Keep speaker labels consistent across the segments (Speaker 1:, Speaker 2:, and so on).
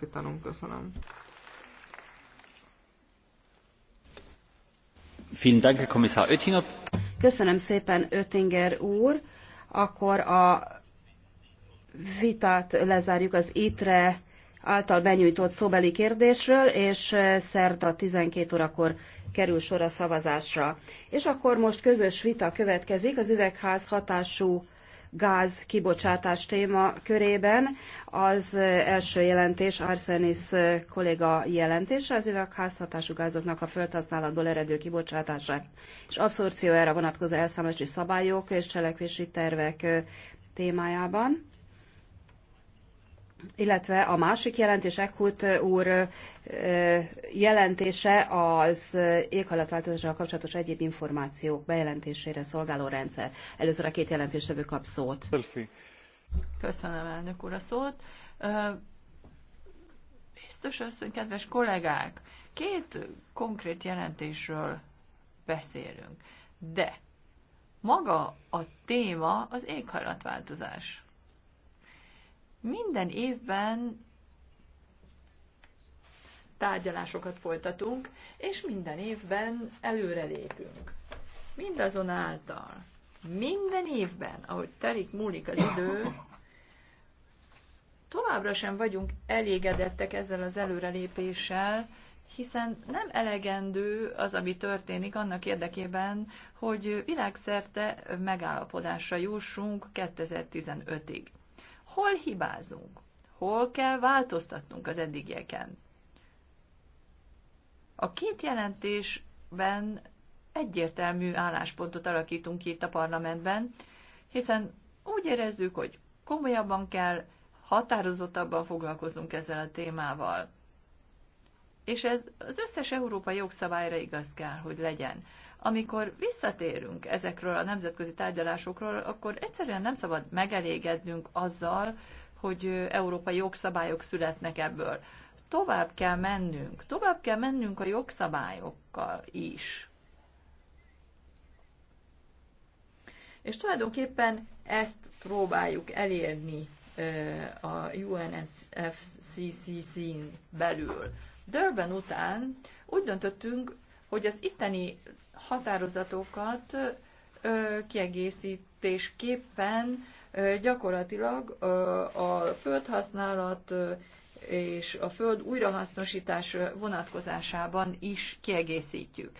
Speaker 1: alakítanunk. Köszönöm. Köszönöm szépen, Öttinger úr. Akkor a vitát lezárjuk az ITRE által benyújtott szóbeli kérdésről, és eh, szerda 12 órakor kerül sor a szavazásra. És akkor most közös vita következik az üvegház hatású gáz kibocsátás téma körében. Az első jelentés Arsenis kolléga jelentése az üvegházhatású gázoknak a földhasználatból eredő kibocsátása és abszorciójára vonatkozó elszámolási szabályok és cselekvési tervek témájában illetve a másik jelentés, Ekhut úr jelentése az éghajlatváltozással kapcsolatos egyéb információk bejelentésére szolgáló rendszer. Először a két jelentéstevő kap szót. Köszönöm, elnök úr, a szót.
Speaker 2: Biztos asszony, kedves kollégák, két konkrét jelentésről beszélünk, de maga a téma az éghajlatváltozás. Minden évben tárgyalásokat folytatunk, és minden évben előrelépünk. Mindazonáltal, minden évben, ahogy telik múlik az idő, továbbra sem vagyunk elégedettek ezzel az előrelépéssel, hiszen nem elegendő az, ami történik annak érdekében, hogy világszerte megállapodásra jussunk 2015-ig hol hibázunk, hol kell változtatnunk az eddigieken. A két jelentésben egyértelmű álláspontot alakítunk ki itt a parlamentben, hiszen úgy érezzük, hogy komolyabban kell, határozottabban foglalkoznunk ezzel a témával. És ez az összes európai jogszabályra igaz kell, hogy legyen amikor visszatérünk ezekről a nemzetközi tárgyalásokról, akkor egyszerűen nem szabad megelégednünk azzal, hogy európai jogszabályok születnek ebből. Tovább kell mennünk, tovább kell mennünk a jogszabályokkal is. És tulajdonképpen ezt próbáljuk elérni a UNFCCC-n belül. Dörben után úgy döntöttünk, hogy az itteni határozatokat kiegészítésképpen gyakorlatilag a földhasználat és a föld újrahasznosítás vonatkozásában is kiegészítjük.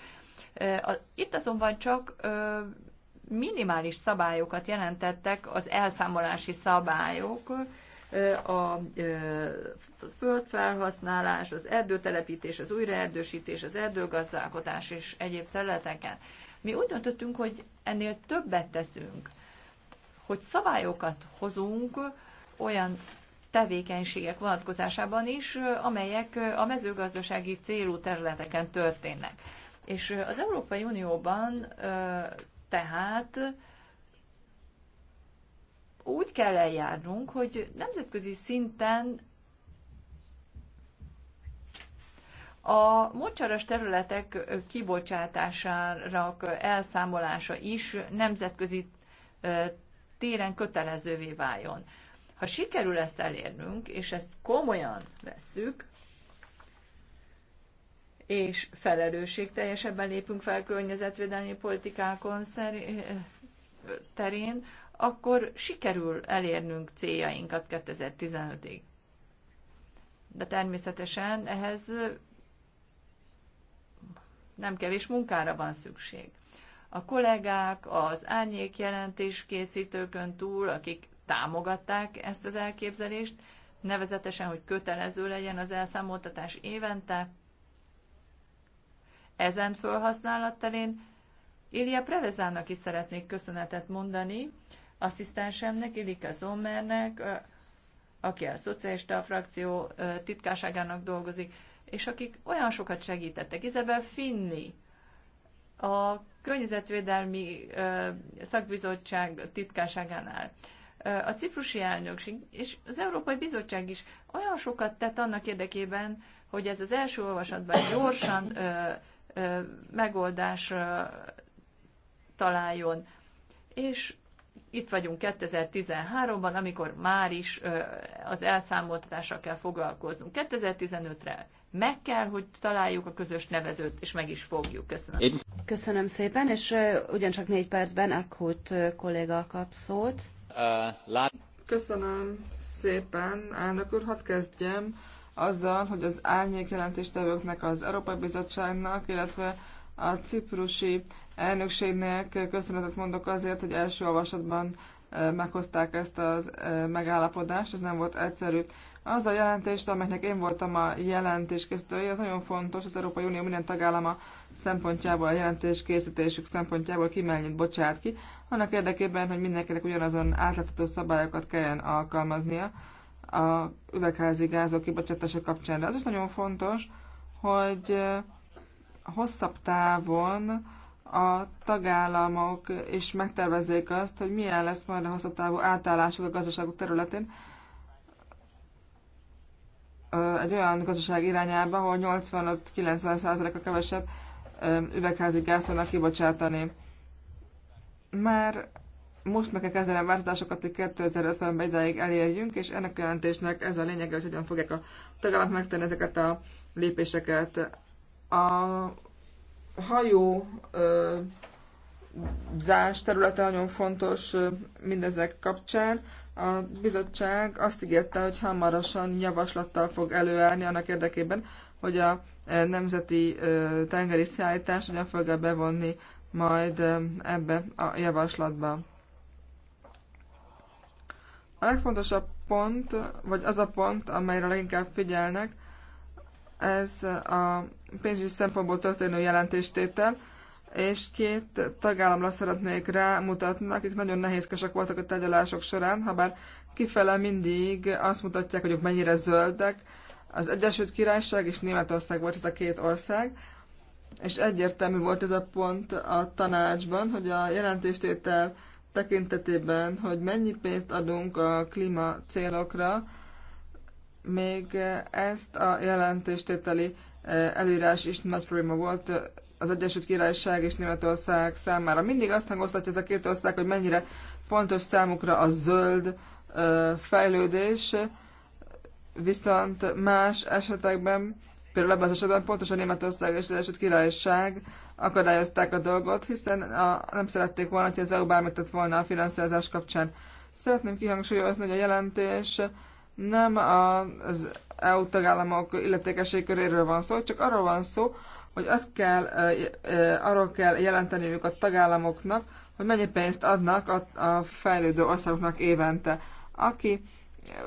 Speaker 2: Itt azonban csak minimális szabályokat jelentettek az elszámolási szabályok, a földfelhasználás, az erdőtelepítés, az újraerdősítés, az erdőgazdálkodás és egyéb területeken. Mi úgy döntöttünk, hogy ennél többet teszünk, hogy szabályokat hozunk olyan tevékenységek vonatkozásában is, amelyek a mezőgazdasági célú területeken történnek. És az Európai Unióban tehát úgy kell eljárnunk, hogy nemzetközi szinten A mocsaras területek kibocsátásának elszámolása is nemzetközi téren kötelezővé váljon. Ha sikerül ezt elérnünk, és ezt komolyan vesszük, és felelősségteljesebben lépünk fel környezetvédelmi politikákon terén, akkor sikerül elérnünk céljainkat 2015-ig. De természetesen ehhez nem kevés munkára van szükség. A kollégák, az árnyék jelentés készítőkön túl, akik támogatták ezt az elképzelést, nevezetesen, hogy kötelező legyen az elszámoltatás évente, ezen felhasználat terén Ilya Prevezának is szeretnék köszönetet mondani, asszisztensemnek, Ilika Zommernek, aki a szocialista frakció titkárságának dolgozik, és akik olyan sokat segítettek. Izabel Finni, a Környezetvédelmi Szakbizottság titkárságánál, a ciprusi elnökség és az Európai Bizottság is olyan sokat tett annak érdekében, hogy ez az első olvasatban gyorsan ö, ö, megoldás ö, találjon. És itt vagyunk 2013-ban, amikor már is az elszámoltatással kell foglalkoznunk. 2015-re meg kell, hogy találjuk a közös nevezőt, és meg is fogjuk. Köszönöm. Én...
Speaker 1: Köszönöm szépen, és ugyancsak négy percben Akut kolléga kap szót.
Speaker 3: Uh, lát...
Speaker 1: Köszönöm szépen, elnök úr, hadd kezdjem
Speaker 4: azzal, hogy az árnyék jelentéstevőknek, az Európai Bizottságnak, illetve a ciprusi elnökségnek köszönetet mondok azért, hogy első olvasatban eh, meghozták ezt az eh, megállapodást, ez nem volt egyszerű. Az a jelentést, amelynek én voltam a jelentés az nagyon fontos az Európai Unió minden tagállama szempontjából, a jelentés készítésük szempontjából mennyit bocsát ki, annak érdekében, hogy mindenkinek ugyanazon átlátható szabályokat kelljen alkalmaznia a üvegházi gázok kibocsátása kapcsán. De az is nagyon fontos, hogy eh, hosszabb távon a tagállamok is megtervezzék azt, hogy milyen lesz majd a hosszatávú átállásuk a gazdaságok területén egy olyan gazdaság irányába, ahol 85-90%-a kevesebb üvegházi gáz fognak kibocsátani. Már most meg kell kezdeni a változásokat, hogy 2050-ben ideig elérjünk, és ennek a jelentésnek ez a lényeg, hogy hogyan fogják a tagállamok megtenni ezeket a lépéseket. A hajó zás területe nagyon fontos mindezek kapcsán. A bizottság azt ígérte, hogy hamarosan javaslattal fog előállni annak érdekében, hogy a nemzeti tengeri szállítás hogyan fogja bevonni majd ebbe a javaslatba. A legfontosabb pont, vagy az a pont, amelyre leginkább figyelnek, ez a pénzügyi szempontból történő jelentéstétel, és két tagállamra szeretnék rámutatni, akik nagyon nehézkesek voltak a tárgyalások során, ha bár kifele mindig azt mutatják, hogy ők mennyire zöldek. Az Egyesült Királyság és Németország volt ez a két ország, és egyértelmű volt ez a pont a tanácsban, hogy a jelentéstétel tekintetében, hogy mennyi pénzt adunk a klíma célokra, még ezt a jelentéstételi előírás is nagy probléma volt az Egyesült Királyság és Németország számára. Mindig azt hangoztatja ez a két ország, hogy mennyire fontos számukra a zöld fejlődés, viszont más esetekben, például ebben az esetben pontosan Németország és az Egyesült Királyság akadályozták a dolgot, hiszen a, nem szerették volna, hogy az EU bármit tett volna a finanszírozás kapcsán. Szeretném kihangsúlyozni, hogy a jelentés nem az EU tagállamok illetékesség köréről van szó, csak arról van szó, hogy azt kell, arról kell jelenteniük a tagállamoknak, hogy mennyi pénzt adnak a, a fejlődő országoknak évente. Aki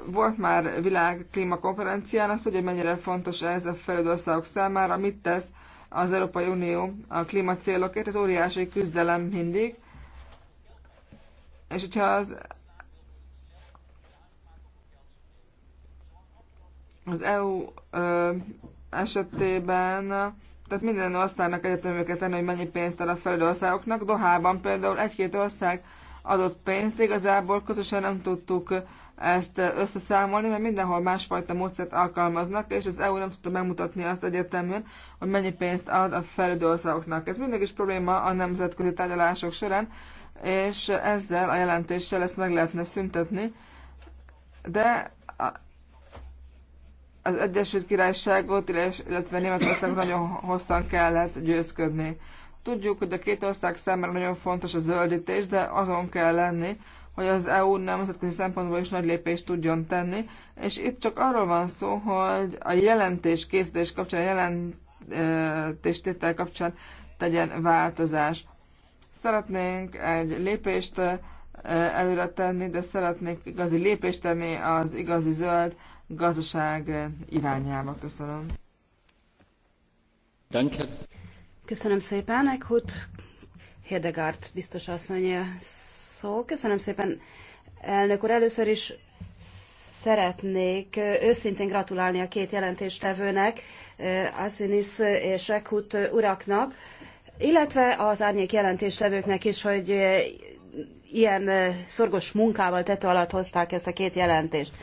Speaker 4: volt már világ klímakonferencián, azt tudja, hogy mennyire fontos ez a fejlődő országok számára, mit tesz az Európai Unió a klímacélokért, ez óriási küzdelem mindig. És hogyha az Az EU esetében, tehát minden országnak egyetemű kell tenni, hogy mennyi pénzt ad a felelő országoknak. Dohában például egy-két ország adott pénzt, igazából közösen nem tudtuk ezt összeszámolni, mert mindenhol másfajta módszert alkalmaznak, és az EU nem tudta megmutatni azt egyértelműen, hogy mennyi pénzt ad a felelő országoknak. Ez mindig is probléma a nemzetközi tárgyalások során, és ezzel a jelentéssel ezt meg lehetne szüntetni, de az Egyesült Királyságot, illetve Németországot nagyon hosszan kellett győzködni. Tudjuk, hogy a két ország számára nagyon fontos a zöldítés, de azon kell lenni, hogy az EU nemzetközi szempontból is nagy lépést tudjon tenni, és itt csak arról van szó, hogy a jelentés készítés kapcsán, a jelentéstétel kapcsán tegyen változás. Szeretnénk egy lépést eh, előre tenni, de szeretnék igazi lépést tenni az igazi zöld gazdaság irányába.
Speaker 1: Köszönöm. Danke. Köszönöm szépen, Ekhut. Hedegaard biztos asszony szó. Köszönöm szépen, elnök úr. Először is szeretnék őszintén gratulálni a két jelentéstevőnek, Asinis és Ekhut uraknak, illetve az árnyék jelentéstevőknek is, hogy ilyen szorgos munkával tető alatt hozták ezt a két jelentést.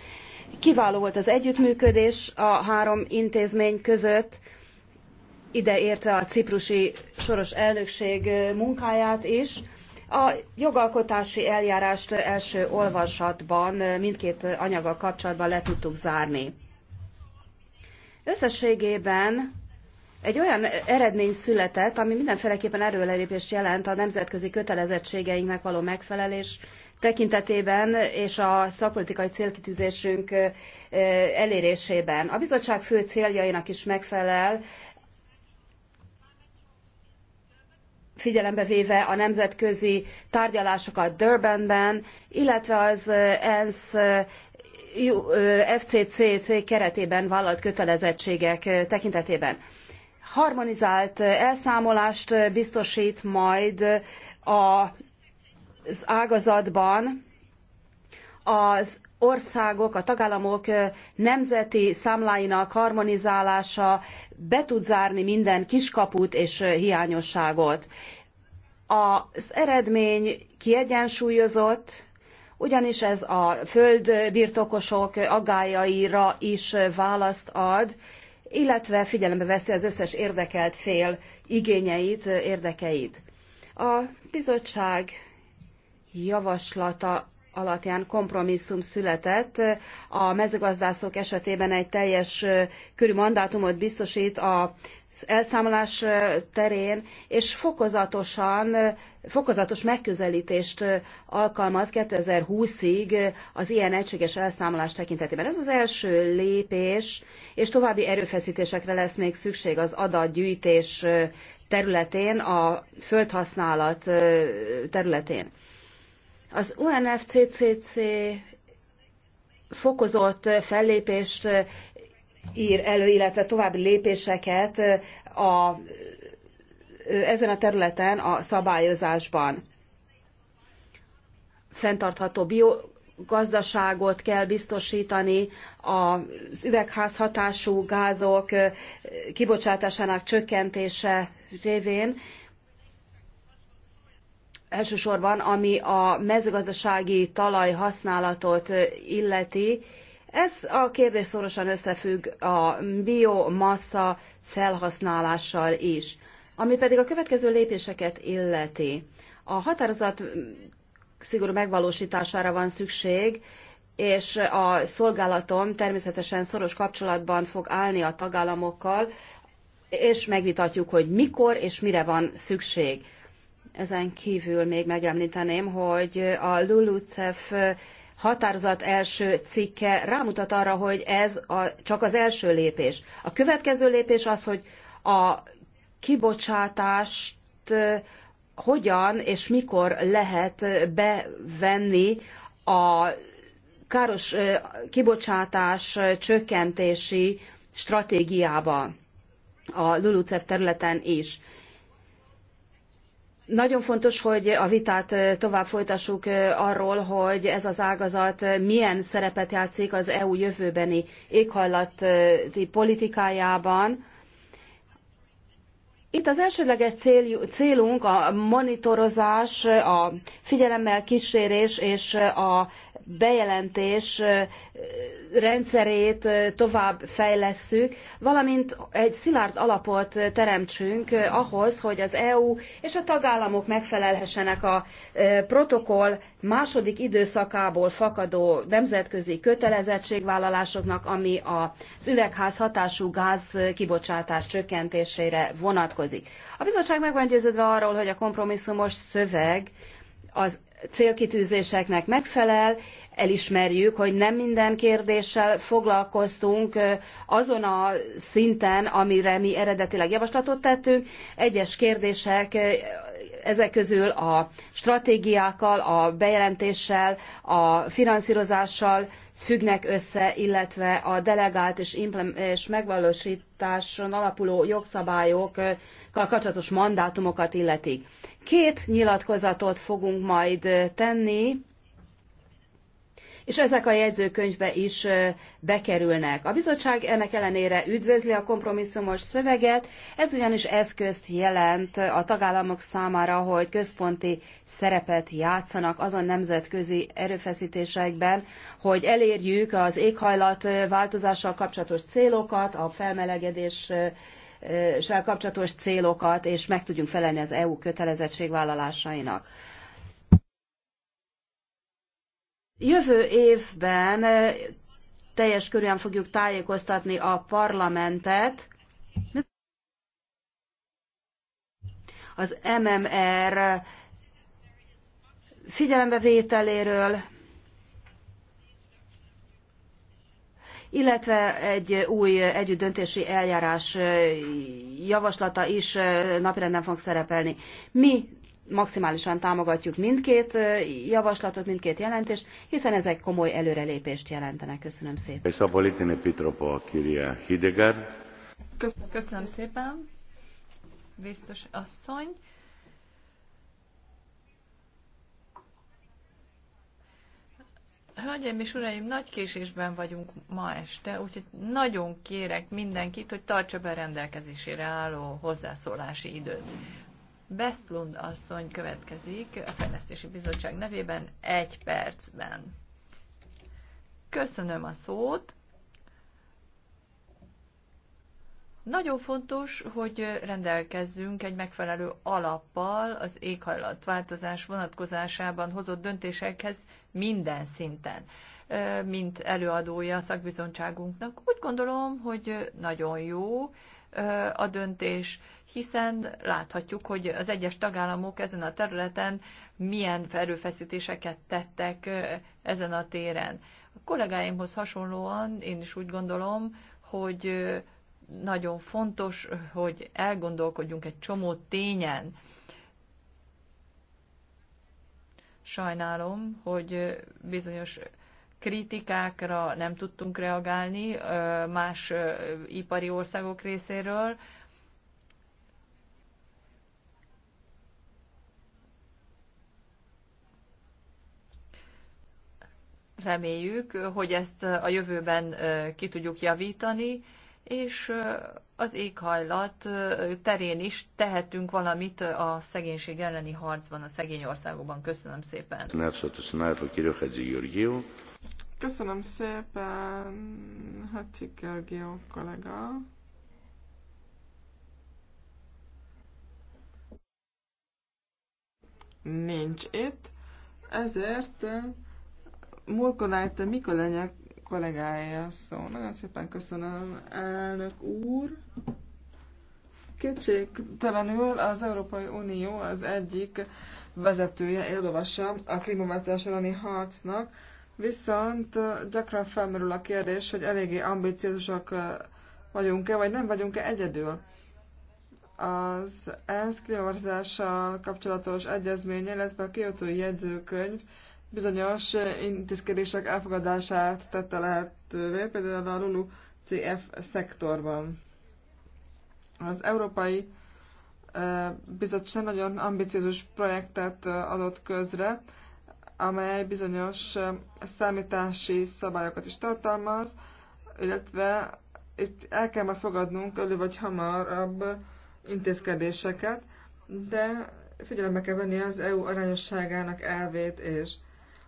Speaker 1: Kiváló volt az együttműködés a három intézmény között, ideértve a ciprusi soros elnökség munkáját is. A jogalkotási eljárást első olvasatban mindkét anyaga kapcsolatban le tudtuk zárni. Összességében egy olyan eredmény született, ami mindenféleképpen erőlelépést jelent a nemzetközi kötelezettségeinknek való megfelelés tekintetében és a szakpolitikai célkitűzésünk elérésében. A bizottság fő céljainak is megfelel, figyelembe véve a nemzetközi tárgyalásokat Durbanben, illetve az ENSZ FCCC keretében vállalt kötelezettségek tekintetében. Harmonizált elszámolást biztosít majd a az ágazatban az országok, a tagállamok nemzeti számláinak harmonizálása be tud zárni minden kiskaput és hiányosságot. Az eredmény kiegyensúlyozott, ugyanis ez a földbirtokosok aggájaira is választ ad, illetve figyelembe veszi az összes érdekelt fél igényeit, érdekeit. A bizottság javaslata alapján kompromisszum született. A mezőgazdászok esetében egy teljes körű mandátumot biztosít az elszámolás terén, és fokozatosan, fokozatos megközelítést alkalmaz 2020-ig az ilyen egységes elszámolás tekintetében. Ez az első lépés, és további erőfeszítésekre lesz még szükség az adatgyűjtés területén, a földhasználat területén. Az UNFCCC fokozott fellépést ír elő, illetve további lépéseket a, ezen a területen a szabályozásban. Fentartható biogazdaságot kell biztosítani, az üvegházhatású gázok kibocsátásának csökkentése révén, elsősorban ami a mezőgazdasági talajhasználatot illeti. Ez a kérdés szorosan összefügg a biomassa felhasználással is. Ami pedig a következő lépéseket illeti. A határozat szigorú megvalósítására van szükség, és a szolgálatom természetesen szoros kapcsolatban fog állni a tagállamokkal, és megvitatjuk, hogy mikor és mire van szükség. Ezen kívül még megemlíteném, hogy a LULUCEF határozat első cikke rámutat arra, hogy ez a, csak az első lépés. A következő lépés az, hogy a kibocsátást hogyan és mikor lehet bevenni a káros kibocsátás csökkentési stratégiába a LULUCEF területen is. Nagyon fontos, hogy a vitát tovább folytassuk arról, hogy ez az ágazat milyen szerepet játszik az EU jövőbeni éghajlati politikájában. Itt az elsődleges célunk a monitorozás, a figyelemmel kísérés és a bejelentés rendszerét tovább fejlesszük, valamint egy szilárd alapot teremtsünk ahhoz, hogy az EU és a tagállamok megfelelhessenek a protokoll második időszakából fakadó nemzetközi kötelezettségvállalásoknak, ami az üvegház hatású gáz kibocsátás csökkentésére vonatkozik. A bizottság meg van győződve arról, hogy a kompromisszumos szöveg az célkitűzéseknek megfelel, elismerjük, hogy nem minden kérdéssel foglalkoztunk azon a szinten, amire mi eredetileg javaslatot tettünk. Egyes kérdések ezek közül a stratégiákkal, a bejelentéssel, a finanszírozással függnek össze, illetve a delegált és, és megvalósításon alapuló jogszabályokkal kapcsolatos mandátumokat illetik. Két nyilatkozatot fogunk majd tenni és ezek a jegyzőkönyvbe is bekerülnek. A bizottság ennek ellenére üdvözli a kompromisszumos szöveget, ez ugyanis eszközt jelent a tagállamok számára, hogy központi szerepet játszanak azon nemzetközi erőfeszítésekben, hogy elérjük az éghajlat változással kapcsolatos célokat, a felmelegedés kapcsolatos célokat, és meg tudjunk felelni az EU kötelezettségvállalásainak. Jövő évben eh, teljes körűen fogjuk tájékoztatni a parlamentet az MMR figyelembevételéről, illetve egy új együttdöntési eljárás eh, javaslata is eh, napirenden fog szerepelni. Mi maximálisan támogatjuk mindkét javaslatot, mindkét jelentést, hiszen ezek komoly előrelépést jelentenek. Köszönöm szépen. Köszönöm szépen, biztos asszony.
Speaker 2: Hölgyeim és uraim, nagy késésben vagyunk ma este, úgyhogy nagyon kérek mindenkit, hogy tartsa be rendelkezésére álló hozzászólási időt. Bestlund asszony következik a Fejlesztési Bizottság nevében egy percben. Köszönöm a szót. Nagyon fontos, hogy rendelkezzünk egy megfelelő alappal az éghajlatváltozás vonatkozásában hozott döntésekhez minden szinten. Mint előadója a szakbizottságunknak, úgy gondolom, hogy nagyon jó, a döntés, hiszen láthatjuk, hogy az egyes tagállamok ezen a területen milyen erőfeszítéseket tettek ezen a téren. A kollégáimhoz hasonlóan én is úgy gondolom, hogy nagyon fontos, hogy elgondolkodjunk egy csomó tényen. Sajnálom, hogy bizonyos kritikákra nem tudtunk reagálni más ipari országok részéről. Reméljük, hogy ezt a jövőben ki tudjuk javítani, és az éghajlat terén is tehetünk valamit a szegénység elleni harcban a szegény országokban. Köszönöm szépen.
Speaker 4: Köszönöm szépen, Hacsiker Geo kollega. Nincs itt, ezért eh, mikor lenyek kollégája szó. Nagyon szépen köszönöm, elnök úr. Kétségtelenül az Európai Unió az egyik vezetője, éllovasa a klímaváltozás elleni harcnak Viszont gyakran felmerül a kérdés, hogy eléggé ambiciózusak vagyunk-e, vagy nem vagyunk-e egyedül. Az ENSZ klímaváltozással kapcsolatos egyezmény, illetve a kiotói jegyzőkönyv bizonyos intézkedések elfogadását tette lehetővé, például a LULU CF szektorban. Az Európai Bizottság nagyon ambiciózus projektet adott közre, amely bizonyos számítási szabályokat is tartalmaz, illetve itt el kell majd fogadnunk elő vagy hamarabb intézkedéseket, de figyelembe kell venni az EU arányosságának elvét és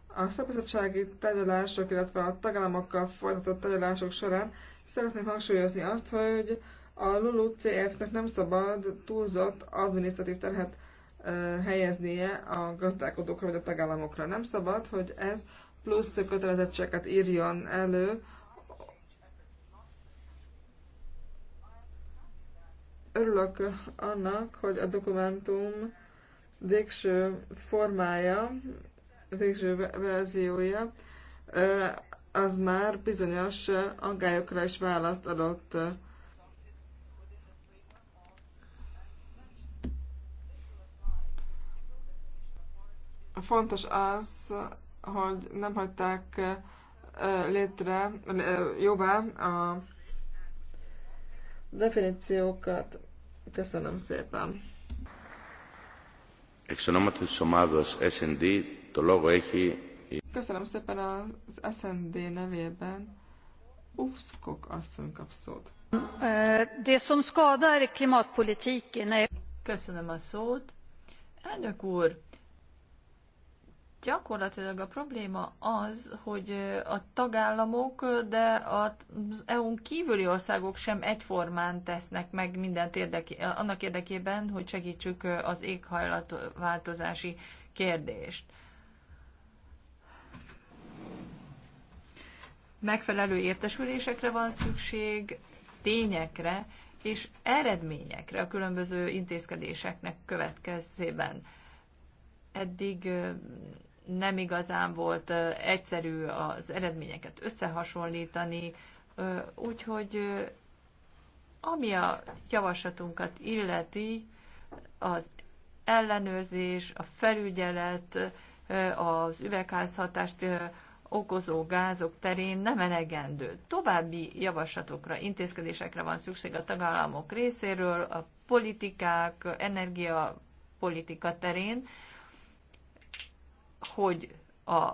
Speaker 4: a szabadsági tárgyalások, illetve a tagállamokkal folytatott tárgyalások során szeretném hangsúlyozni azt, hogy a LULU CF-nek nem szabad túlzott adminisztratív terhet helyeznie a gazdálkodókra vagy a tagállamokra. Nem szabad, hogy ez plusz kötelezettséget írjon elő. Örülök annak, hogy a dokumentum végső formája, végső verziója az már bizonyos aggályokra is választ adott Fontos az, hogy nem hagyták létre, jóvá a definíciókat. Köszönöm szépen. Köszönöm szépen az SND nevében. Ufskok asszony kap szót.
Speaker 2: Det som skadar klimatpolitiken Köszönöm a szót. Elnök úr, gyakorlatilag a probléma az, hogy a tagállamok, de az EU-n kívüli országok sem egyformán tesznek meg mindent érdeki, annak érdekében, hogy segítsük az éghajlatváltozási kérdést. Megfelelő értesülésekre van szükség, tényekre és eredményekre a különböző intézkedéseknek következtében. Eddig nem igazán volt egyszerű az eredményeket összehasonlítani, úgyhogy ami a javaslatunkat illeti, az ellenőrzés, a felügyelet, az üvegházhatást okozó gázok terén nem elegendő. További javaslatokra, intézkedésekre van szükség a tagállamok részéről, a politikák, energiapolitika terén, hogy a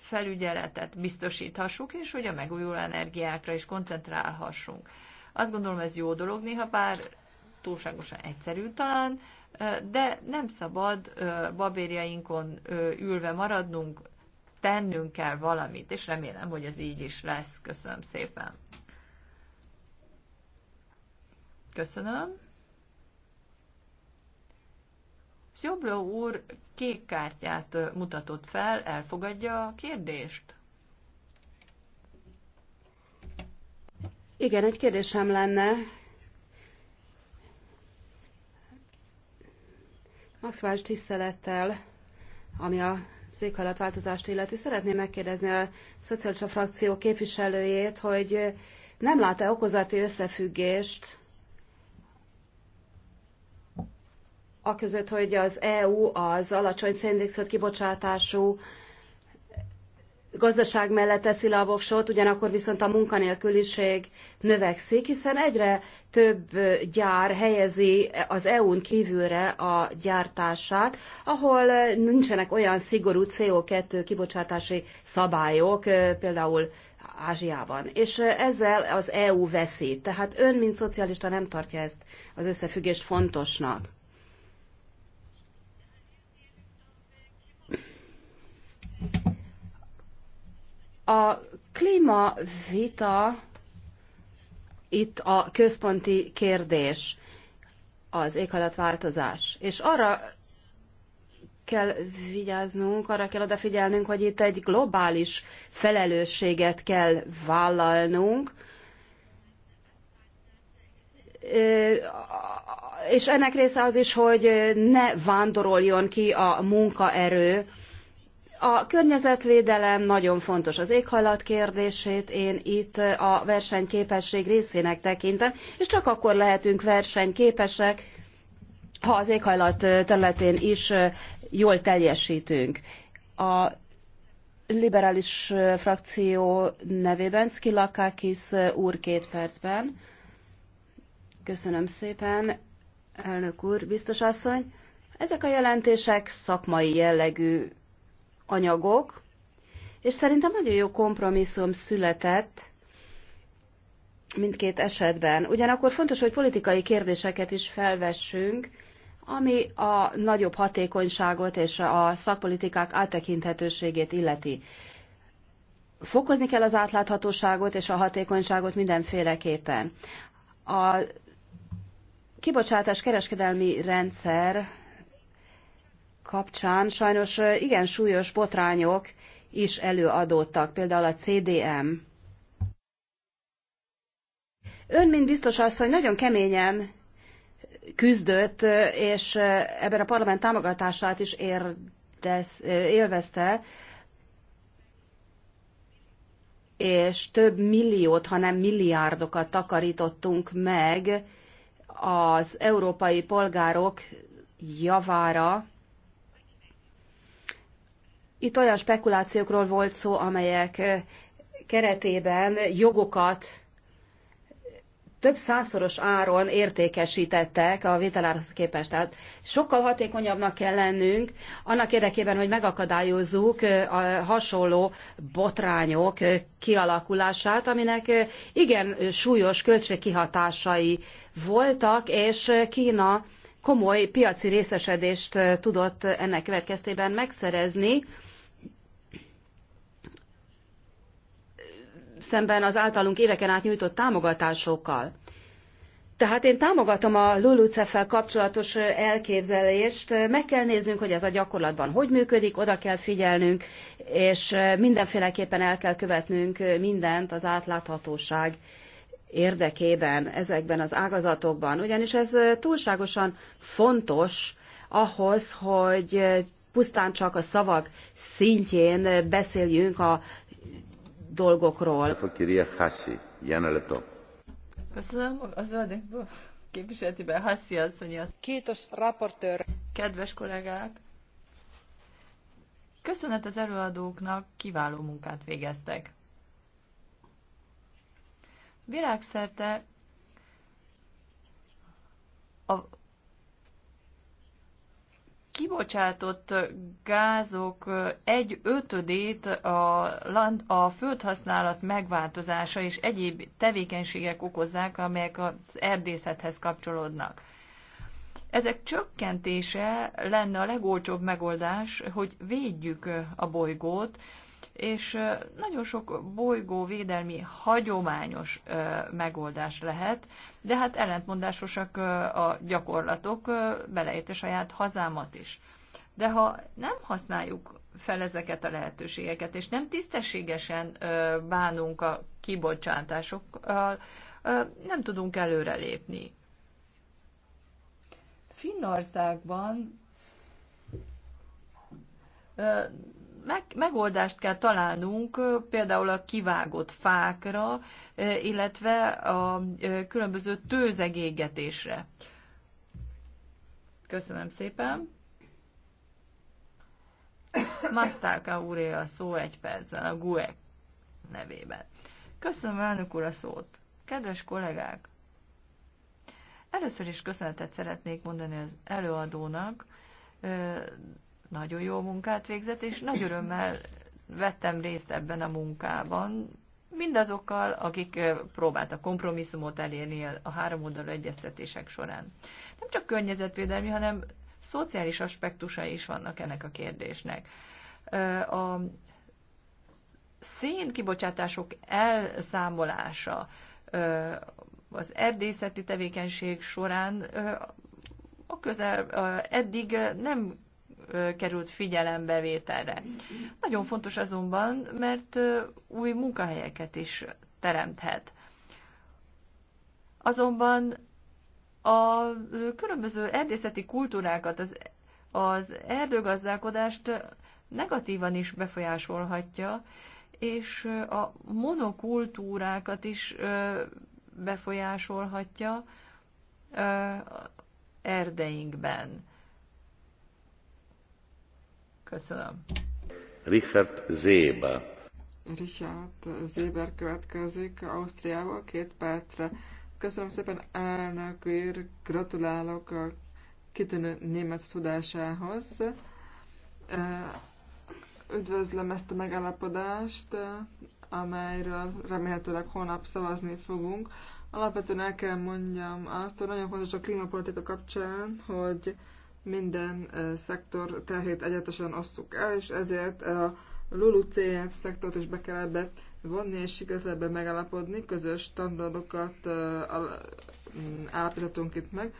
Speaker 2: felügyeletet biztosíthassuk, és hogy a megújuló energiákra is koncentrálhassunk. Azt gondolom, ez jó dolog, néha bár túlságosan egyszerű talán, de nem szabad babérjainkon ülve maradnunk, tennünk kell valamit, és remélem, hogy ez így is lesz. Köszönöm szépen. Köszönöm. Szobló úr kék kártyát mutatott fel, elfogadja a kérdést?
Speaker 1: Igen, egy kérdésem lenne. Maximális tisztelettel, ami a székhajlatváltozást illeti, szeretném megkérdezni a szocialista frakció képviselőjét, hogy nem lát-e okozati összefüggést A között, hogy az EU az alacsony széndiokszid kibocsátású gazdaság mellett teszi le a voksot, ugyanakkor viszont a munkanélküliség növekszik, hiszen egyre több gyár helyezi az EU-n kívülre a gyártását, ahol nincsenek olyan szigorú CO2 kibocsátási szabályok, például Ázsiában. És ezzel az EU veszít. Tehát ön, mint szocialista nem tartja ezt az összefüggést fontosnak. A klímavita itt a központi kérdés, az éghajlatváltozás. És arra kell vigyáznunk, arra kell odafigyelnünk, hogy itt egy globális felelősséget kell vállalnunk, és ennek része az is, hogy ne vándoroljon ki a munkaerő a környezetvédelem nagyon fontos. Az éghajlat kérdését én itt eh, a versenyképesség részének tekintem, és csak akkor lehetünk versenyképesek, ha az éghajlat eh, területén is eh, jól teljesítünk. A liberális frakció nevében Skilakakis úr két percben. Köszönöm szépen, elnök úr, biztos asszony. Ezek a jelentések szakmai jellegű anyagok, és szerintem nagyon jó kompromisszum született mindkét esetben. Ugyanakkor fontos, hogy politikai kérdéseket is felvessünk, ami a nagyobb hatékonyságot és a szakpolitikák áttekinthetőségét illeti. Fokozni kell az átláthatóságot és a hatékonyságot mindenféleképpen. A kibocsátás kereskedelmi rendszer kapcsán sajnos igen súlyos botrányok is előadódtak, például a CDM. Ön, mint biztos asszony, nagyon keményen küzdött, és ebben a parlament támogatását is érdez, élvezte, és több milliót, hanem milliárdokat takarítottunk meg az európai polgárok javára, itt olyan spekulációkról volt szó, amelyek keretében jogokat több százszoros áron értékesítettek a vételárhoz képest. Tehát sokkal hatékonyabbnak kell lennünk annak érdekében, hogy megakadályozzuk a hasonló botrányok kialakulását, aminek igen súlyos költségkihatásai voltak, és Kína komoly piaci részesedést tudott ennek következtében megszerezni, szemben az általunk éveken át nyújtott támogatásokkal. Tehát én támogatom a LULUCEF-fel kapcsolatos elképzelést, meg kell néznünk, hogy ez a gyakorlatban hogy működik, oda kell figyelnünk, és mindenféleképpen el kell követnünk mindent az átláthatóság érdekében ezekben az ágazatokban, ugyanis ez túlságosan fontos ahhoz, hogy pusztán csak a szavak szintjén beszéljünk a
Speaker 5: dolgokról.
Speaker 2: Köszönöm a zöldekből be Hassi asszony az. Kétos raportőr. Kedves kollégák! Köszönet az előadóknak, kiváló munkát végeztek. Világszerte a kibocsátott gázok egy ötödét a, land, a földhasználat megváltozása és egyéb tevékenységek okozzák, amelyek az erdészethez kapcsolódnak. Ezek csökkentése lenne a legolcsóbb megoldás, hogy védjük a bolygót, és nagyon sok védelmi hagyományos megoldás lehet, de hát ellentmondásosak a gyakorlatok, beleértve saját hazámat is. De ha nem használjuk fel ezeket a lehetőségeket, és nem tisztességesen bánunk a kibocsátásokkal, nem tudunk előrelépni. Finnországban meg, megoldást kell találnunk például a kivágott fákra, illetve a különböző tőzegégetésre. Köszönöm szépen. Masztálka úré a szó egy percben, a GUE nevében. Köszönöm elnök úr a szót. Kedves kollégák! Először is köszönetet szeretnék mondani az előadónak, nagyon jó munkát végzett, és nagy örömmel vettem részt ebben a munkában, mindazokkal, akik próbáltak kompromisszumot elérni a három oldalú egyeztetések során. Nem csak környezetvédelmi, hanem szociális aspektusai is vannak ennek a kérdésnek. A szénkibocsátások elszámolása az erdészeti tevékenység során a közel eddig nem került figyelembevételre. Nagyon fontos azonban, mert új munkahelyeket is teremthet. Azonban a különböző erdészeti kultúrákat, az, az erdőgazdálkodást negatívan is befolyásolhatja, és a monokultúrákat is befolyásolhatja erdeinkben.
Speaker 4: Köszönöm.
Speaker 5: Richard Zéba.
Speaker 4: Richard Zéber következik Ausztriából két percre. Köszönöm szépen elnök úr, gratulálok a kitűnő német tudásához. Üdvözlöm ezt a megállapodást, amelyről remélhetőleg holnap szavazni fogunk. Alapvetően el kell mondjam azt, hogy nagyon fontos a klímapolitika kapcsán, hogy minden szektor terhét egyetesen osztuk el, és ezért a LULU-CF szektort is be kell ebbe vonni, és sikerült ebbe megállapodni, közös standardokat mm, állapítottunk itt meg,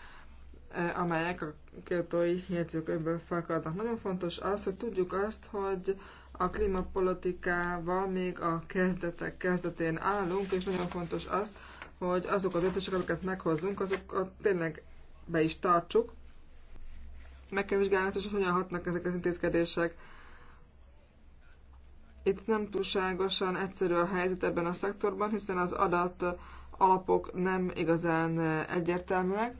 Speaker 4: amelyek a kiotói jegyzőkönyvből fakadnak. Nagyon fontos az, hogy tudjuk azt, hogy a klímapolitikával még a kezdetek kezdetén állunk, és nagyon fontos az, hogy azok a döntések, amiket meghozzunk, azokat tényleg be is tartsuk, meg kell vizsgálni, hogy hogyan hatnak ezek az intézkedések. Itt nem túlságosan egyszerű a helyzet ebben a szektorban, hiszen az adat alapok nem igazán egyértelműek.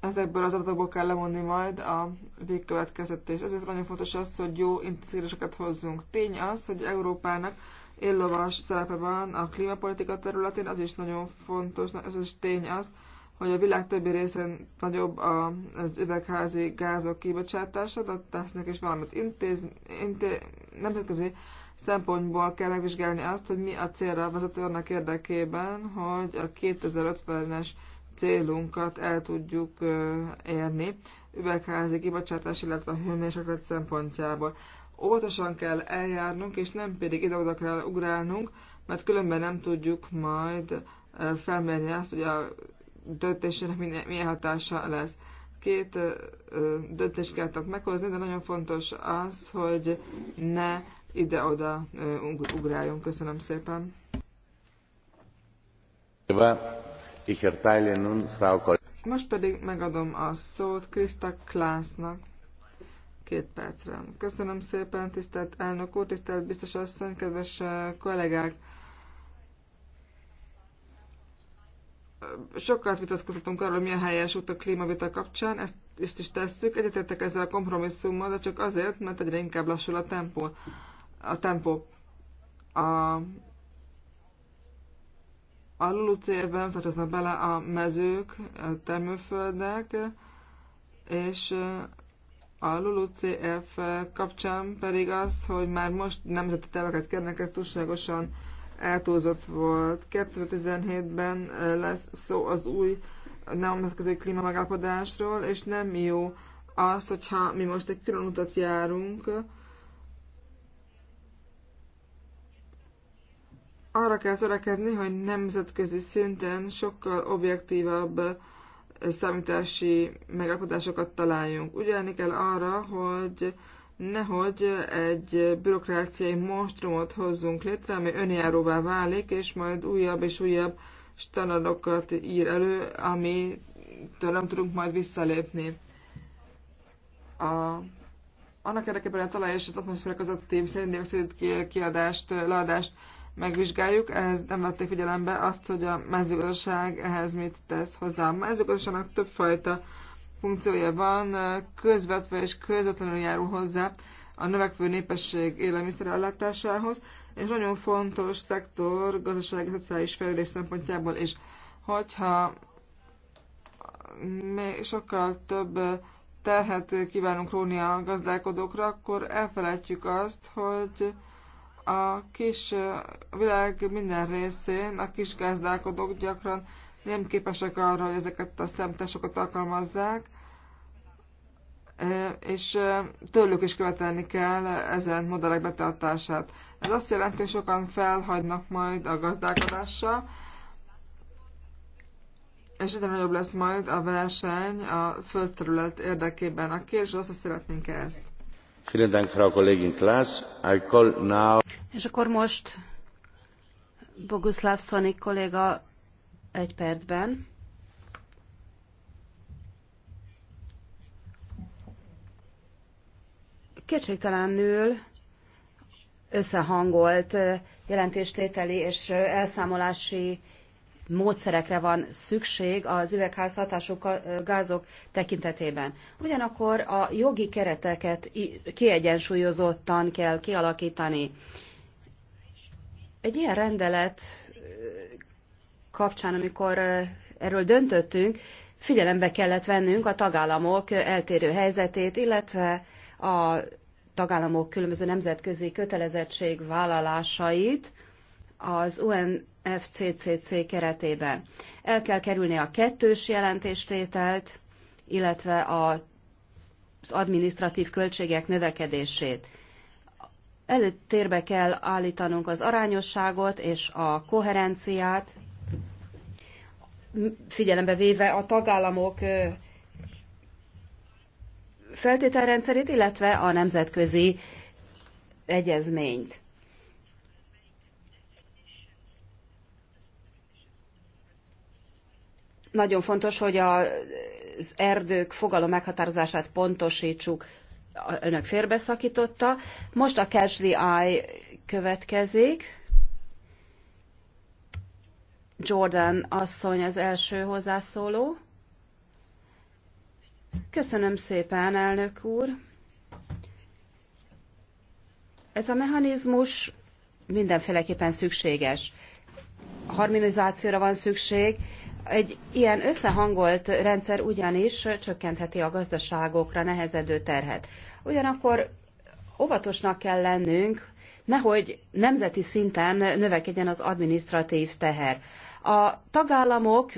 Speaker 4: Ezekből az adatokból kell levonni majd a végkövetkezetés. Ezért nagyon fontos az, hogy jó intézkedéseket hozzunk. Tény az, hogy Európának éllovas szerepe van a klímapolitika területén, az is nagyon fontos, ez is tény az, hogy a világ többi részén nagyobb az üvegházi gázok kibocsátása, de tesznek is valamit intéz, inté, nemzetközi szempontból kell megvizsgálni azt, hogy mi a célra a vezető annak érdekében, hogy a 2050-es célunkat el tudjuk érni üvegházi kibocsátás, illetve a hőmérséklet szempontjából. Óvatosan kell eljárnunk, és nem pedig ide-oda kell ugrálnunk, mert különben nem tudjuk majd felmérni azt, hogy a döntésének milyen, milyen hatása lesz. Két döntést kellett meghozni, de nagyon fontos az, hogy ne ide-oda ugráljon. Köszönöm szépen. Most pedig megadom a szót Krista Klásznak két percre. Köszönöm szépen, tisztelt elnök úr, tisztelt biztos asszony, kedves kollégák! sokat vitatkozhatunk arról, milyen helyes út a klímavita kapcsán, ezt, ezt is tesszük, egyetértek ezzel a kompromisszummal, de csak azért, mert egyre inkább lassul a tempó. A tempó. A, a lulucf tartoznak bele a mezők, a termőföldek, és a LULUCF kapcsán pedig az, hogy már most nemzeti terveket kérnek, ez túlságosan eltúlzott volt. 2017-ben lesz szó az új nemzetközi klímamegállapodásról, és nem jó az, hogyha mi most egy külön utat járunk, arra kell törekedni, hogy nemzetközi szinten sokkal objektívabb számítási megállapodásokat találjunk. Ugyanik kell arra, hogy nehogy egy bürokráciai monstrumot hozzunk létre, ami önjáróvá válik, és majd újabb és újabb standardokat ír elő, ami nem tudunk majd visszalépni. A, annak érdekében a talaj és az atmoszféra közötti széndiokszid kiadást, leadást megvizsgáljuk, ehhez nem vették figyelembe azt, hogy a mezőgazdaság ehhez mit tesz hozzá. A mezőgazdaságnak többfajta funkciója van, közvetve és közvetlenül járul hozzá a növekvő népesség élelmiszer ellátásához, és nagyon fontos szektor gazdasági szociális fejlődés szempontjából is. Hogyha még sokkal több terhet kívánunk róni a gazdálkodókra, akkor elfelejtjük azt, hogy a kis világ minden részén a kis gazdálkodók gyakran nem képesek arra, hogy ezeket a szemtásokat alkalmazzák, és tőlük is követelni kell ezen modellek betartását. Ez azt jelenti, hogy sokan felhagynak majd a gazdálkodással, és egyre nagyobb lesz majd a verseny a földterület érdekében. A kérdés az, hogy szeretnénk -e ezt.
Speaker 1: És akkor most Boguslav Szonik kolléga egy percben. Kétségtelenül összehangolt jelentéstételi és elszámolási módszerekre van szükség az üvegházhatású gázok tekintetében. Ugyanakkor a jogi kereteket kiegyensúlyozottan kell kialakítani. Egy ilyen rendelet kapcsán, amikor erről döntöttünk, figyelembe kellett vennünk a tagállamok eltérő helyzetét, illetve a tagállamok különböző nemzetközi vállalásait az UNFCCC keretében. El kell kerülni a kettős jelentéstételt, illetve az administratív költségek növekedését. Előtérbe kell állítanunk az arányosságot és a koherenciát, figyelembe véve a tagállamok feltételrendszerét, illetve a nemzetközi egyezményt. Nagyon fontos, hogy az erdők fogalom meghatározását pontosítsuk. Önök félbeszakította. Most a Catch Eye következik. Jordan asszony az első hozzászóló. Köszönöm szépen, elnök úr. Ez a mechanizmus mindenféleképpen szükséges. Harmonizációra van szükség. Egy ilyen összehangolt rendszer ugyanis csökkentheti a gazdaságokra nehezedő terhet. Ugyanakkor óvatosnak kell lennünk, nehogy nemzeti szinten növekedjen az administratív teher. A tagállamok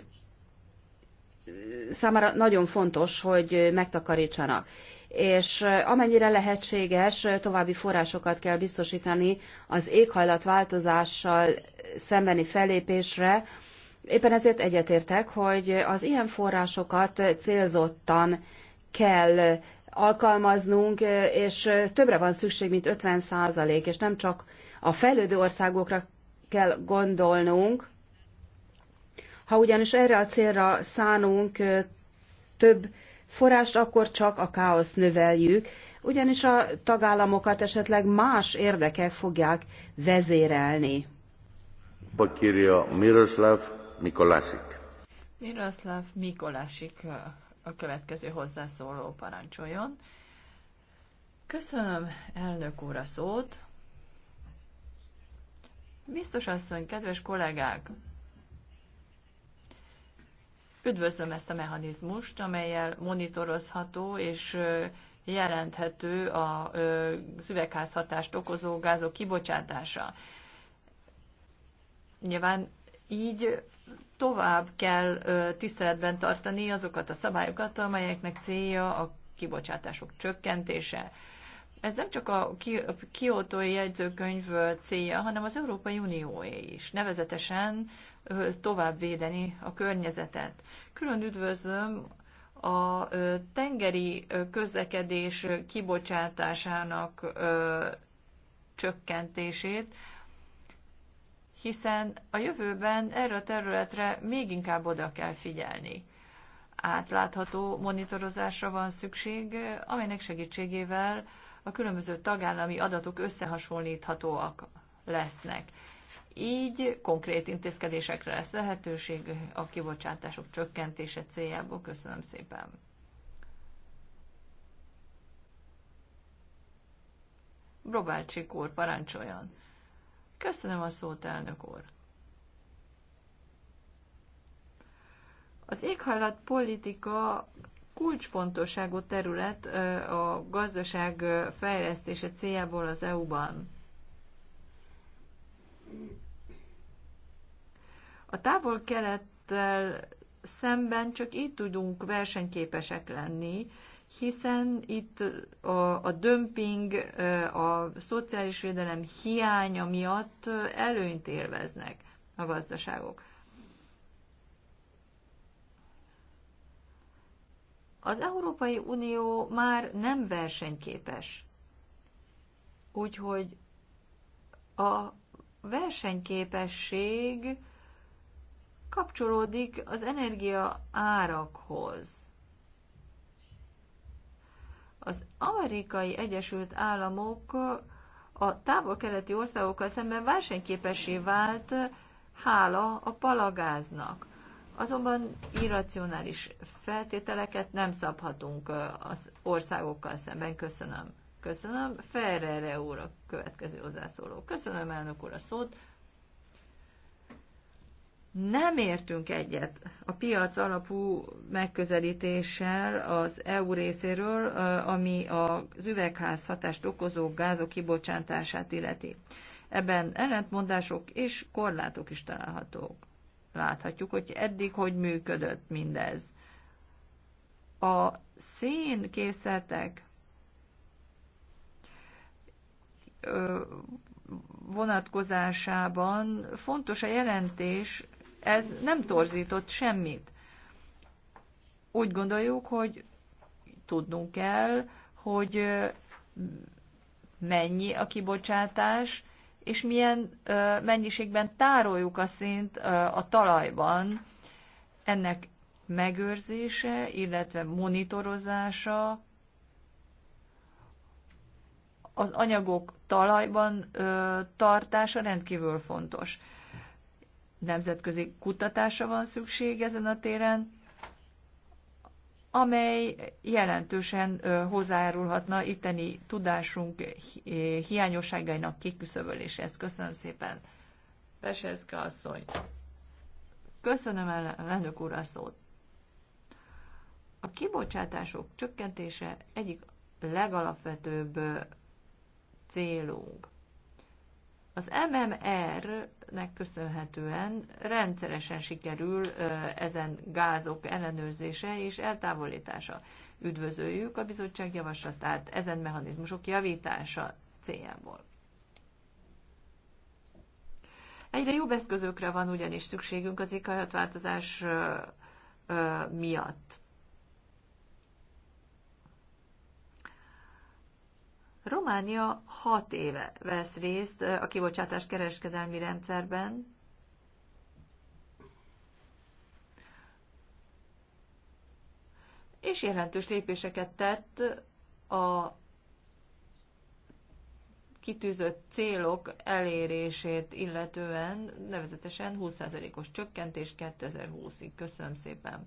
Speaker 1: számára nagyon fontos, hogy megtakarítsanak és amennyire lehetséges, további forrásokat kell biztosítani az éghajlatváltozással szembeni fellépésre. Éppen ezért egyetértek, hogy az ilyen forrásokat célzottan kell alkalmaznunk, és többre van szükség, mint 50 százalék, és nem csak a fejlődő országokra kell gondolnunk, ha ugyanis erre a célra szánunk több forrást, akkor csak a káoszt növeljük, ugyanis a tagállamokat esetleg más érdekek fogják vezérelni.
Speaker 5: Bakíria Miroslav Mikolásik.
Speaker 1: Miroslav Mikolásik a következő hozzászóló
Speaker 2: parancsoljon. Köszönöm elnök úr a szót. Biztos asszony, kedves kollégák, Üdvözlöm ezt a mechanizmust, amelyel monitorozható és jelenthető a szüvegházhatást okozó gázok kibocsátása. Nyilván így tovább kell tiszteletben tartani azokat a szabályokat, amelyeknek célja a kibocsátások csökkentése ez nem csak a kiotói jegyzőkönyv célja, hanem az Európai Unióé is, nevezetesen továbbvédeni a környezetet. Külön üdvözlöm a tengeri közlekedés kibocsátásának csökkentését, hiszen a jövőben erre a területre még inkább oda kell figyelni. Átlátható monitorozásra van szükség, amelynek segítségével a különböző tagállami adatok összehasonlíthatóak lesznek. Így konkrét intézkedésekre lesz lehetőség a kibocsátások csökkentése céljából. Köszönöm szépen! Robácsik úr, parancsoljon! Köszönöm a szót, elnök úr! Az éghajlatpolitika politika kulcsfontosságú terület a gazdaság fejlesztése céljából az EU-ban. A távol kelettel szemben csak így tudunk versenyképesek lenni, hiszen itt a, a dömping, a szociális védelem hiánya miatt előnyt élveznek a gazdaságok. Az Európai Unió már nem versenyképes. Úgyhogy a versenyképesség kapcsolódik az energia árakhoz. Az amerikai Egyesült Államok a távol-keleti országokkal szemben versenyképessé vált hála a palagáznak. Azonban irracionális feltételeket nem szabhatunk az országokkal szemben. Köszönöm. Köszönöm. Ferrere úr a következő hozzászóló. Köszönöm, elnök úr, a szót. Nem értünk egyet a piac alapú megközelítéssel az EU részéről, ami az üvegház hatást okozó gázok kibocsátását illeti. Ebben ellentmondások és korlátok is találhatók láthatjuk, hogy eddig hogy működött mindez. A szén készletek vonatkozásában fontos a jelentés, ez nem torzított semmit. Úgy gondoljuk, hogy tudnunk kell, hogy mennyi a kibocsátás, és milyen mennyiségben tároljuk a szint a talajban. Ennek megőrzése, illetve monitorozása, az anyagok talajban ö, tartása rendkívül fontos. Nemzetközi kutatása van szükség ezen a téren, amely jelentősen hozzájárulhatna itteni tudásunk hiányosságainak kiküszöböléséhez. Köszönöm szépen, Peseszke asszony. Köszönöm elnök úr a szót. A kibocsátások csökkentése egyik legalapvetőbb célunk. Az MMR-nek köszönhetően rendszeresen sikerül ezen gázok ellenőrzése és eltávolítása. Üdvözöljük a bizottság javaslatát ezen mechanizmusok javítása céljából. Egyre jobb eszközökre van ugyanis szükségünk az éghajlatváltozás miatt. Románia hat éve vesz részt a kibocsátás kereskedelmi rendszerben. És jelentős lépéseket tett a kitűzött célok elérését illetően, nevezetesen 20%-os csökkentés 2020-ig. Köszönöm szépen!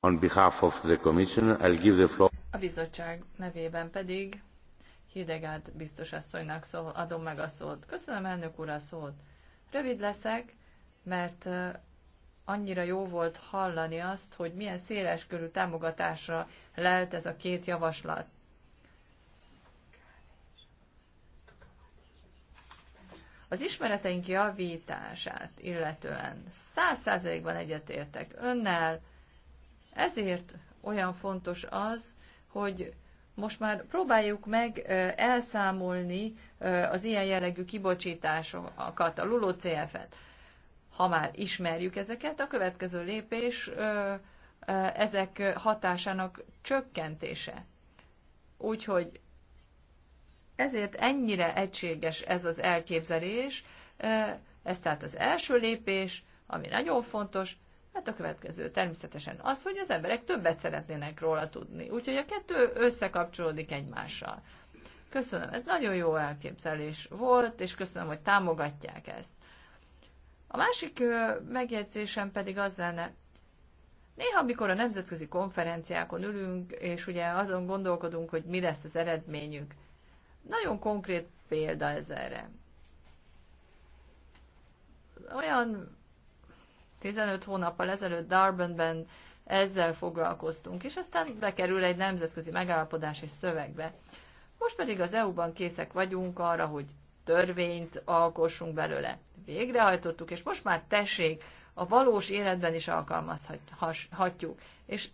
Speaker 5: A
Speaker 2: bizottság nevében pedig Hidegát biztos asszonynak szól, adom meg a szót. Köszönöm, elnök úr, a szót. Rövid leszek, mert annyira jó volt hallani azt, hogy milyen széles körű támogatásra lelt ez a két javaslat. Az ismereteink javítását illetően száz százalékban egyetértek önnel, ezért olyan fontos az, hogy most már próbáljuk meg elszámolni az ilyen jellegű kibocsátásokat, a LULOCF-et. Ha már ismerjük ezeket, a következő lépés ezek hatásának csökkentése. Úgyhogy ezért ennyire egységes ez az elképzelés, ez tehát az első lépés, ami nagyon fontos, Hát a következő természetesen az, hogy az emberek többet szeretnének róla tudni. Úgyhogy a kettő összekapcsolódik egymással. Köszönöm, ez nagyon jó elképzelés volt, és köszönöm, hogy támogatják ezt. A másik megjegyzésem pedig az lenne, néha, amikor a nemzetközi konferenciákon ülünk, és ugye azon gondolkodunk, hogy mi lesz az eredményük, nagyon konkrét példa ez erre. Olyan 15 hónappal ezelőtt Darbenben ezzel foglalkoztunk, és aztán bekerül egy nemzetközi megállapodás és szövegbe. Most pedig az EU-ban készek vagyunk arra, hogy törvényt alkossunk belőle. Végrehajtottuk, és most már tessék, a valós életben is alkalmazhatjuk. És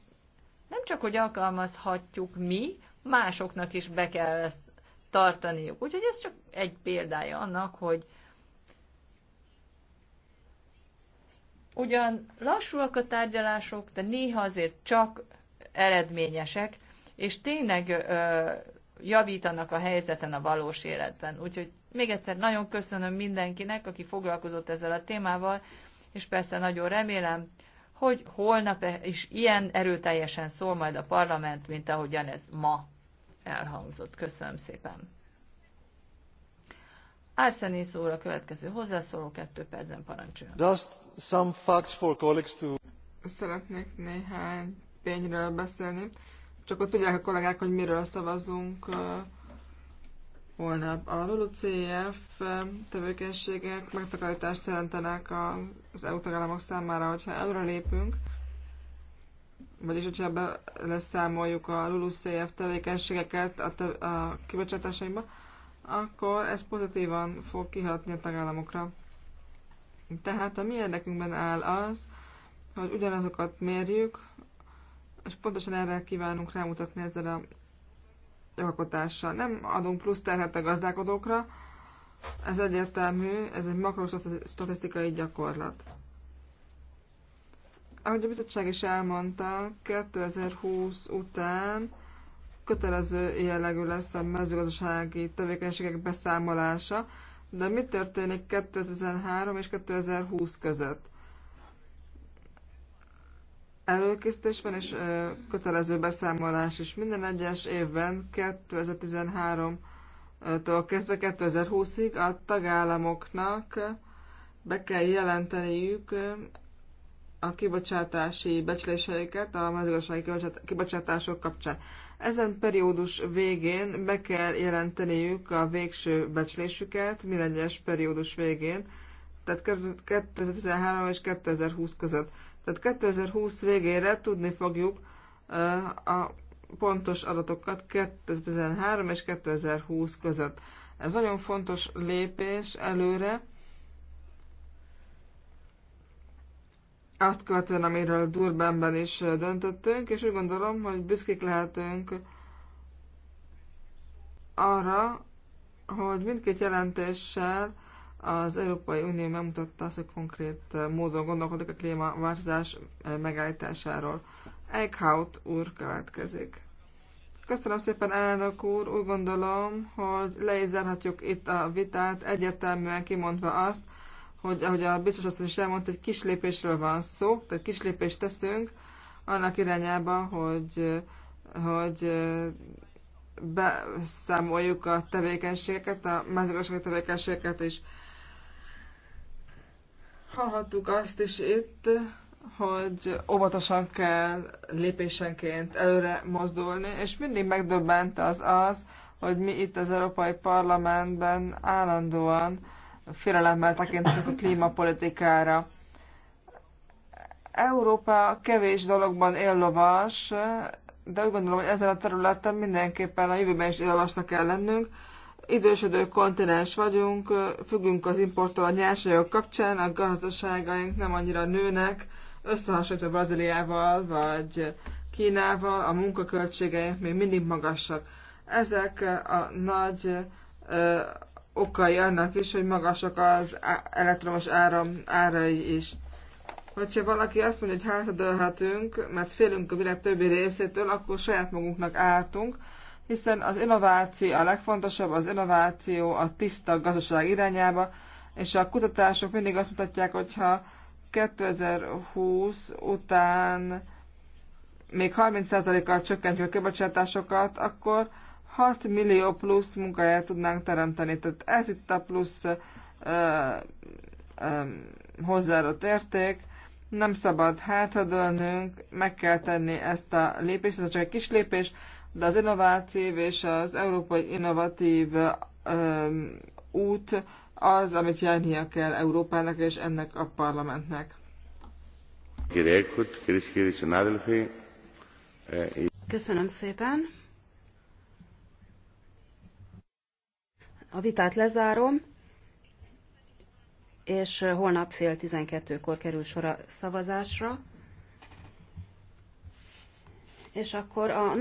Speaker 2: nem csak, hogy alkalmazhatjuk mi, másoknak is be kell ezt tartaniuk. Úgyhogy ez csak egy példája annak, hogy Ugyan lassúak a tárgyalások, de néha azért csak eredményesek, és tényleg ö, javítanak a helyzeten a valós életben. Úgyhogy még egyszer nagyon köszönöm mindenkinek, aki foglalkozott ezzel a témával, és persze nagyon remélem, hogy holnap e is ilyen erőteljesen szól majd a parlament, mint ahogyan ez ma elhangzott. Köszönöm szépen! Arsenis úr a következő hozzászóló, kettő percen
Speaker 4: parancsoljon. Just some facts for colleagues to... Szeretnék néhány tényről beszélni, csak hogy tudják a kollégák, hogy miről szavazunk uh, holnap. A LULUCF tevékenységek megtakarítást jelentenek az EU tagállamok számára, hogyha előre lépünk, vagyis hogyha beleszámoljuk a LULUCF tevékenységeket a, te- a kibocsátásainkba, akkor ez pozitívan fog kihatni a tagállamokra. Tehát a mi érdekünkben áll az, hogy ugyanazokat mérjük, és pontosan erre kívánunk rámutatni ezzel a jogalkotással. Nem adunk plusz terhet a gazdálkodókra, ez egyértelmű, ez egy makrostatisztikai gyakorlat. Ahogy a bizottság is elmondta, 2020 után kötelező jellegű lesz a mezőgazdasági tevékenységek beszámolása, de mi történik 2013 és 2020 között? Előkészítés van és kötelező beszámolás is. Minden egyes évben 2013-tól kezdve 2020-ig a tagállamoknak be kell jelenteniük a kibocsátási becsléseiket a mezőgazdasági kibocsátások kapcsán. Ezen periódus végén be kell jelenteniük a végső becslésüket, minden periódus végén, tehát 2013 és 2020 között. Tehát 2020 végére tudni fogjuk a pontos adatokat 2013 és 2020 között. Ez nagyon fontos lépés előre, azt követően, amiről Durbanben is döntöttünk, és úgy gondolom, hogy büszkék lehetünk arra, hogy mindkét jelentéssel az Európai Unió megmutatta azt, hogy konkrét módon gondolkodik a klímaváltozás megállításáról. Eichhout úr következik. Köszönöm szépen, elnök úr. Úgy gondolom, hogy leizerhatjuk itt a vitát, egyértelműen kimondva azt, hogy ahogy a biztos azt is elmondta, hogy kis lépésről van szó, tehát kis lépést teszünk annak irányába, hogy, hogy beszámoljuk a tevékenységeket, a mezőgazdasági tevékenységeket is. Hallhattuk azt is itt, hogy óvatosan kell lépésenként előre mozdulni, és mindig megdöbbent az az, hogy mi itt az Európai Parlamentben állandóan félelemmel tekintünk a klímapolitikára. Európa kevés dologban lovas, de úgy gondolom, hogy ezen a területen mindenképpen a jövőben is élvasnak kell lennünk. Idősödő kontinens vagyunk, függünk az importtól a nyersanyagok kapcsán, a gazdaságaink nem annyira nőnek, összehasonlítva Brazíliával vagy Kínával, a munkaköltségeink még mindig magasak. Ezek a nagy okai annak is, hogy magasak az elektromos áram árai is. Hogyha valaki azt mondja, hogy hátradőlhetünk, mert félünk a világ többi részétől, akkor saját magunknak ártunk, hiszen az innováció a legfontosabb, az innováció a tiszta gazdaság irányába, és a kutatások mindig azt mutatják, hogyha 2020 után még 30%-kal csökkentjük a kibocsátásokat, akkor 6 millió plusz munkáját tudnánk teremteni. Tehát ez itt a plusz ö, ö, hozzáadott érték. Nem szabad hátradőlnünk, meg kell tenni ezt a lépést, ez csak egy kis lépés, de az innovatív és az európai innovatív ö, út az, amit járnia kell Európának és ennek a parlamentnek.
Speaker 1: Köszönöm szépen! A vitát lezárom, és holnap fél 12-kor kerül sor a szavazásra. És akkor a